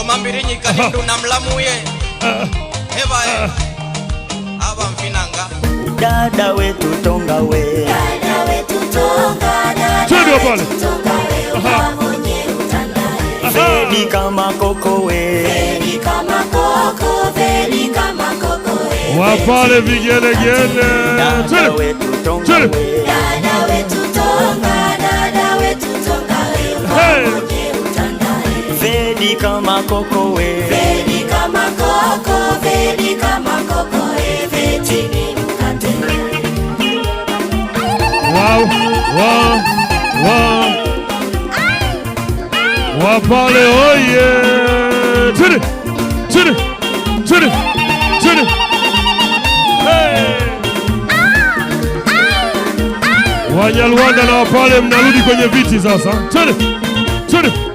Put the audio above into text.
omambirinyika na mlamuye hevae ava mfinanga dada wetu tonga we Veli kama koko we Veli kama koko, veli kama koko we Wapale vigelegele Dada wetu tonga we Dada wetu Vedi kama koko we, Vedi kama koko, Vedi kama koko we, Vedi ni mkate. Wow, wow, wow. Wapale oye. Tiri, tiri, tiri, tiri. Wanyarwanda na Wapale mnarudi kwenye viti sasa. Tiri, tiri.